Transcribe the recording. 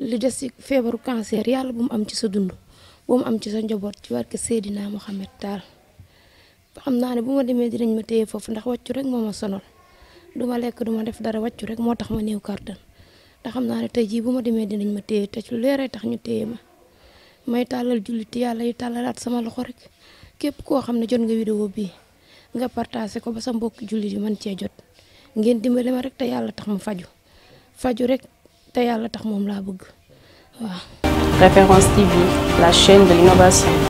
li des ci feebaru cancer yàlla bu mu am ci sa dund bu mu am ci sa njaboot ci barke Seydina Mohamed Tall xam naa ne bu ma demee dinañ ma téye foofu ndax wàccu rek moo ma sonal du ma lekk du ma def dara wàccu rek moo tax ma néew kartan te xam naa ne tey jii bu ma demee dinañ ma téye te ci leeray tax ñu téye ma may tàllal jullit yàlla yu tàllalaat sama loxo rek képp koo xam ne jot nga vidéo bii nga partagé ko ba sa mbokki jullit yi man cee jot ngeen dimbale ma rek te yàlla tax ma faju te Référence TV, la chaîne de l'innovation.